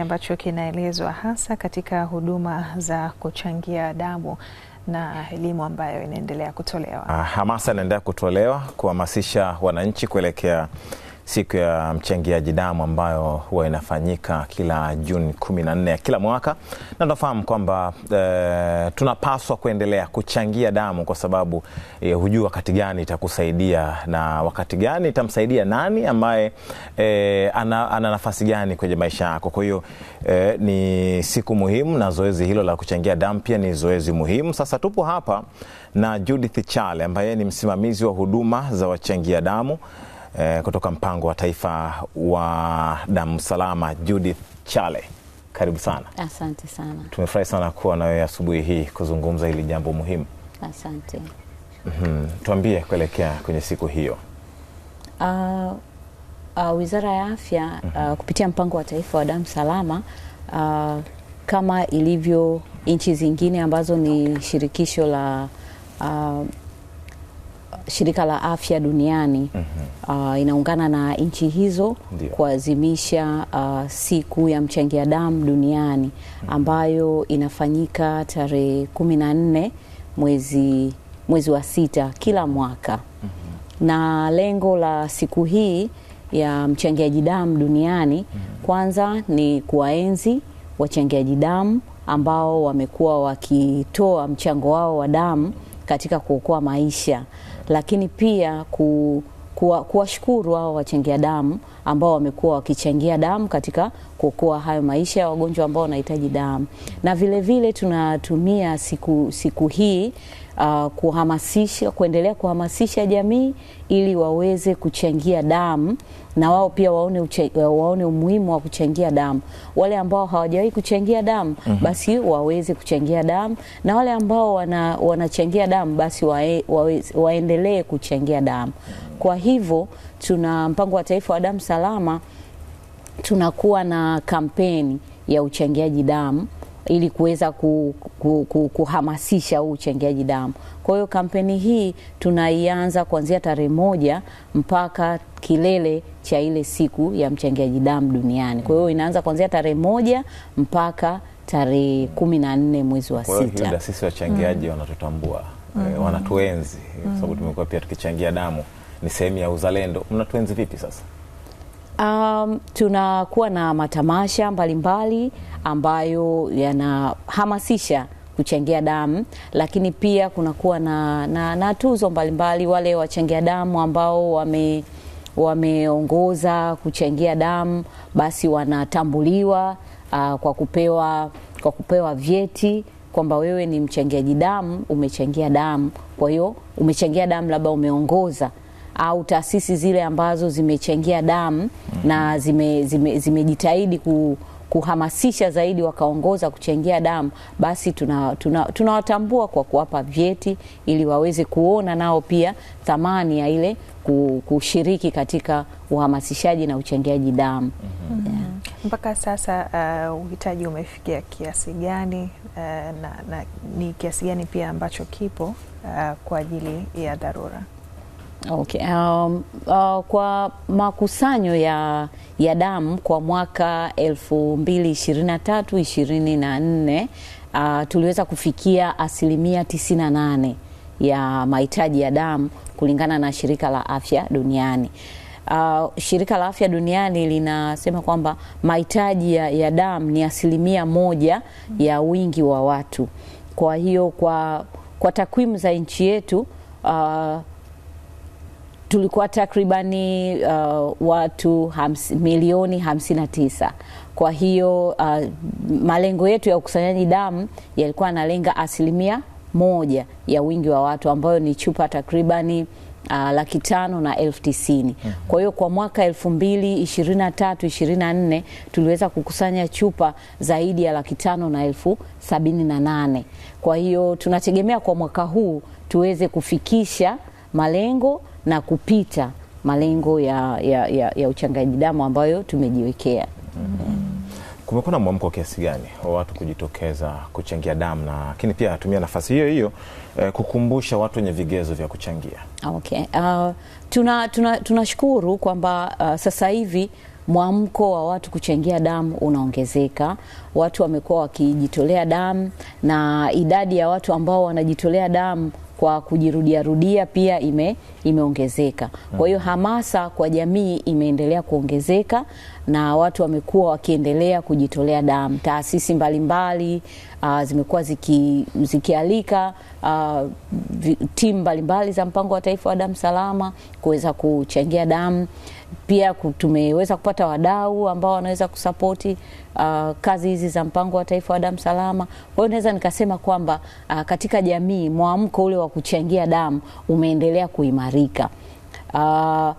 ambacho kinaelezwa hasa katika huduma za kuchangia damu na elimu ambayo inaendelea kutolewa. Ah, hamasa inaendelea kutolewa kuhamasisha wananchi kuelekea siku ya mchangiaji damu ambayo huwa inafanyika kila Juni 14 ya kila mwaka, na tunafahamu kwamba e, tunapaswa kuendelea kuchangia damu kwa sababu e, eh, hujua wakati gani itakusaidia na wakati gani itamsaidia nani ambaye e, ana, ana nafasi gani kwenye maisha yako. Kwa hiyo e, ni siku muhimu na zoezi hilo la kuchangia damu pia ni zoezi muhimu. Sasa tupo hapa na Judith Chale ambaye ni msimamizi wa huduma za wachangia damu eh, kutoka mpango wa taifa wa damu salama Judith Chale, karibu sana. Asante sana. Tumefurahi sana kuwa na wewe asubuhi hii kuzungumza hili jambo muhimu. Asante. mm -hmm. Tuambie kuelekea kwenye siku hiyo. Uh, uh, Wizara ya Afya mm -hmm. uh, kupitia mpango wa taifa wa damu salama uh, kama ilivyo nchi zingine ambazo ni shirikisho la uh, shirika la afya duniani mm -hmm. uh, inaungana na nchi hizo kuazimisha uh, siku ya mchangia damu duniani mm -hmm. ambayo inafanyika tarehe kumi na nne mwezi, mwezi wa sita kila mwaka mm -hmm. na lengo la siku hii ya mchangiaji damu duniani mm -hmm. kwanza ni kuwaenzi wachangiaji damu ambao wamekuwa wakitoa mchango wao wa damu katika kuokoa maisha, lakini pia ku kuwashukuru kuwa hao wachangia damu ambao wamekuwa wakichangia damu katika kuokoa hayo maisha ya wagonjwa ambao wanahitaji damu, na vile vile tunatumia siku, siku hii uh, kuhamasisha kuendelea kuhamasisha jamii ili waweze kuchangia damu na wao pia waone, uche, waone umuhimu wa kuchangia damu. Wale ambao hawajawahi kuchangia damu mm -hmm. basi waweze kuchangia damu, na wale ambao wana, wanachangia damu basi wae, wae, waendelee kuchangia damu. Kwa hivyo tuna mpango wa taifa wa damu salama, tunakuwa na kampeni ya uchangiaji damu ili kuweza kuhamasisha huu uchangiaji damu. Kwa hiyo kampeni hii tunaianza kuanzia tarehe moja mpaka kilele cha ile siku ya mchangiaji damu duniani. Kwa hiyo inaanza kuanzia tarehe moja mpaka tarehe kumi na nne mwezi wa sita. Sisi wachangiaji mm. wanatutambua mm wanatuenzi kwa sababu mm. tumekuwa pia tukichangia damu ni sehemu ya uzalendo. Mnatuenzi vipi sasa? Um, tunakuwa na matamasha mbalimbali mbali ambayo yanahamasisha kuchangia damu, lakini pia kunakuwa na, na, na tuzo mbalimbali mbali, wale wachangia damu ambao wame wameongoza kuchangia damu basi wanatambuliwa uh, kwa kupewa kwa kupewa vyeti kwamba wewe ni mchangiaji damu, umechangia damu. Kwa hiyo umechangia damu, labda umeongoza au taasisi zile ambazo zimechangia damu mm -hmm. na zimejitahidi zime, zime ku, kuhamasisha zaidi wakaongoza kuchangia damu, basi tunawatambua tuna, tuna kwa kuwapa vyeti ili waweze kuona nao pia thamani ya ile kushiriki katika uhamasishaji na uchangiaji damu. mm -hmm. yeah. Mpaka sasa uh, uhitaji umefikia kiasi gani? Uh, na, na ni kiasi gani pia ambacho kipo uh, kwa ajili ya dharura? Okay. Um, uh, kwa makusanyo ya, ya damu kwa mwaka 2023 24 uh, tuliweza kufikia asilimia 98 ya mahitaji ya damu kulingana na Shirika la Afya Duniani. Uh, Shirika la Afya Duniani linasema kwamba mahitaji ya, ya damu ni asilimia moja ya wingi wa watu. Kwa hiyo kwa, kwa takwimu za nchi yetu uh, tulikuwa takribani uh, watu hamsi, milioni hamsini na tisa. Kwa hiyo uh, malengo yetu ya ukusanyaji damu yalikuwa yanalenga asilimia moja ya wingi wa watu ambayo ni chupa takribani uh, laki tano na elfu tisini. Mm -hmm. Kwa hiyo kwa mwaka elfu mbili ishirini na tatu ishirini na nne tuliweza kukusanya chupa zaidi ya laki tano na elfu sabini na nane. Kwa hiyo tunategemea kwa mwaka huu tuweze kufikisha malengo na kupita malengo ya, ya, ya, ya uchangaji damu ambayo tumejiwekea. mm -hmm. Kumekuwa na mwamko kiasi gani wa watu kujitokeza kuchangia damu, na lakini pia atumia nafasi hiyo hiyo eh, kukumbusha watu wenye vigezo vya kuchangia? Okay. Uh, tuna, tuna, kwamba uh, sasa hivi mwamko wa watu kuchangia damu unaongezeka. Watu wamekuwa wakijitolea damu na idadi ya watu ambao wanajitolea damu kwa kujirudiarudia pia ime, imeongezeka. Kwa hiyo hamasa kwa jamii imeendelea kuongezeka na watu wamekuwa wakiendelea kujitolea damu. Taasisi mbalimbali uh, zimekuwa ziki, zikialika uh, timu mbalimbali za mpango wa taifa wa damu salama kuweza kuchangia damu pia tumeweza kupata wadau ambao wanaweza kusapoti uh, kazi hizi za mpango wa taifa wa damu salama. Kwa hiyo naweza nikasema kwamba uh, katika jamii mwamko ule wa kuchangia damu umeendelea kuimarika. Uh,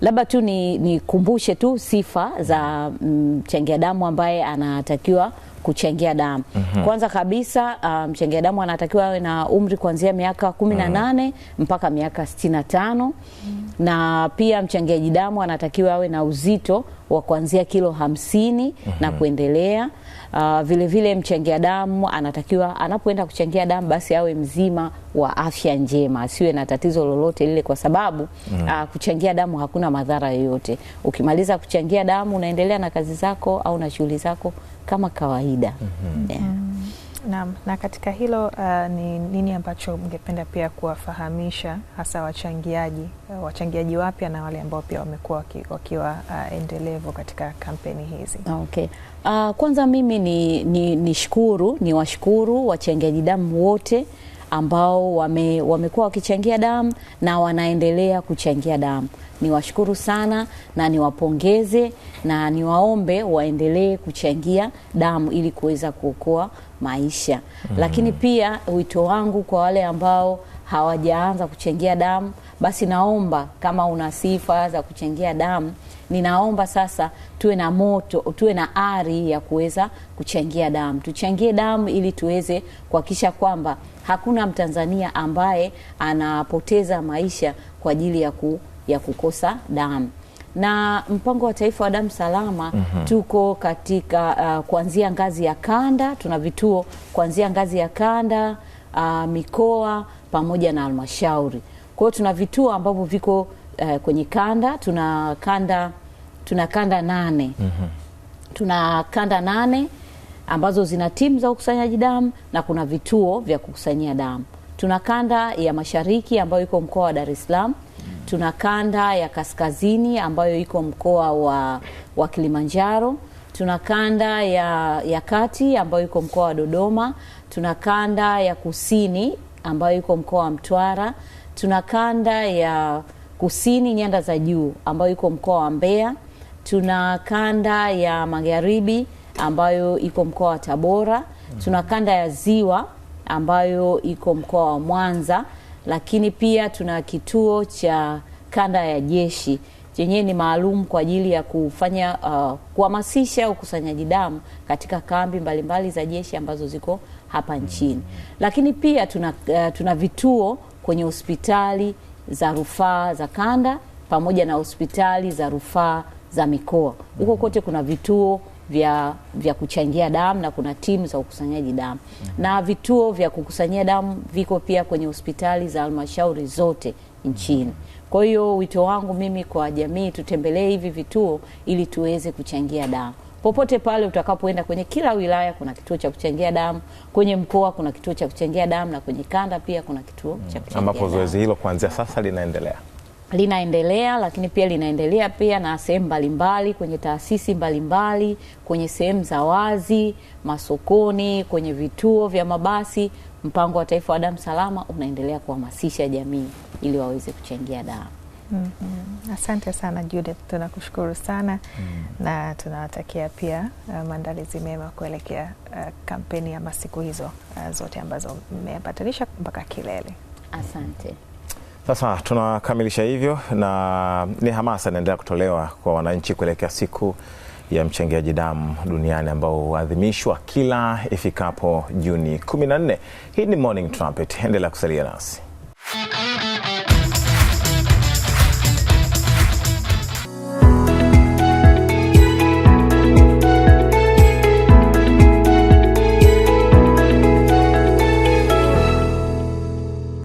labda tu nikumbushe ni tu sifa za mm, mchangia mm, damu ambaye anatakiwa kuchangia damu. mm -hmm. Kwanza kabisa uh, mchangia um, damu anatakiwa awe na umri kuanzia miaka kumi na mhm. nane mm -hmm. mpaka miaka sitini na tano. mm -hmm na pia mchangiaji damu anatakiwa awe na uzito wa kuanzia kilo hamsini mm -hmm. na mhm. kuendelea. Uh, vile vile mchangia damu anatakiwa anapoenda kuchangia damu basi awe mzima wa afya njema, asiwe na tatizo lolote lile, kwa sababu mm -hmm. uh, kuchangia damu hakuna madhara yoyote. Ukimaliza kuchangia damu unaendelea na kazi zako au na shughuli zako kama kawaida. Mhm. mm -hmm. yeah. Naam, na katika hilo uh, ni nini ambacho mngependa pia kuwafahamisha hasa wachangiaji uh, wachangiaji wapya na wale ambao pia wamekuwa wakiwa uh, endelevu katika kampeni hizi? Okay. Uh, kwanza mimi ni, ni, ni shukuru ni washukuru wachangiaji damu wote ambao wame, wamekuwa wakichangia damu na wanaendelea kuchangia damu. Niwashukuru sana na niwapongeze na niwaombe waendelee kuchangia damu ili kuweza kuokoa maisha. Mm. Lakini pia wito wangu kwa wale ambao hawajaanza kuchangia damu, basi naomba kama una sifa za kuchangia damu, ninaomba sasa tuwe na moto, tuwe na ari ya kuweza kuchangia damu. Tuchangie damu ili tuweze kuhakikisha kwamba hakuna Mtanzania ambaye anapoteza maisha kwa ajili ya, ku, ya kukosa damu na mpango wa taifa wa damu salama mm -hmm. Tuko katika uh, kuanzia ngazi ya kanda, tuna vituo kuanzia ngazi ya kanda uh, mikoa pamoja na halmashauri. Kwa hiyo tuna vituo ambavyo viko uh, kwenye kanda, tuna kanda tuna kanda nane mm -hmm. tuna kanda nane ambazo zina timu za ukusanyaji damu na kuna vituo vya kukusanyia damu. Tuna kanda ya mashariki ambayo iko mkoa wa Dar es Salaam, tuna kanda ya kaskazini ambayo iko mkoa wa, wa Kilimanjaro, tuna kanda ya, ya kati ambayo iko mkoa wa Dodoma, tuna kanda ya kusini ambayo iko mkoa wa Mtwara, tuna kanda ya kusini nyanda za juu ambayo iko mkoa wa Mbeya, tuna kanda ya magharibi ambayo iko mkoa wa Tabora, tuna kanda ya Ziwa ambayo iko mkoa wa Mwanza, lakini pia tuna kituo cha kanda ya jeshi chenyewe ni maalum kwa ajili ya kufanya uh, kuhamasisha ukusanyaji damu katika kambi mbalimbali mbali za jeshi ambazo ziko hapa nchini. Lakini pia tuna, uh, tuna vituo kwenye hospitali za rufaa za kanda pamoja na hospitali za rufaa za mikoa. Huko kote kuna vituo vya, vya kuchangia damu na kuna timu za ukusanyaji damu mm -hmm. na vituo vya kukusanyia damu viko pia kwenye hospitali za halmashauri zote nchini mm -hmm. kwa hiyo wito wangu mimi kwa jamii, tutembelee hivi vituo ili tuweze kuchangia damu popote pale utakapoenda. Kwenye kila wilaya kuna kituo cha kuchangia damu, kwenye mkoa kuna kituo cha kuchangia damu, na kwenye kanda pia kuna kituo mm, cha mm-hmm. kuchangia ambapo zoezi hilo kuanzia sasa linaendelea linaendelea lakini pia linaendelea pia na sehemu mbalimbali kwenye taasisi mbalimbali kwenye sehemu za wazi, masokoni, kwenye vituo vya mabasi. Mpango wa Taifa wa Damu Salama unaendelea kuhamasisha jamii ili waweze kuchangia damu. Mm -hmm. Asante sana Judith, tunakushukuru sana mm -hmm. na tunawatakia pia uh, maandalizi mema kuelekea uh, kampeni ama siku hizo uh, zote ambazo mmepatanisha mpaka kilele. Asante. Sasa tunakamilisha hivyo, na ni hamasa inaendelea kutolewa kwa wananchi kuelekea siku ya mchangiaji damu duniani ambao huadhimishwa kila ifikapo Juni 14. Hii ni Morning Trumpet, endelea kusalia nasi.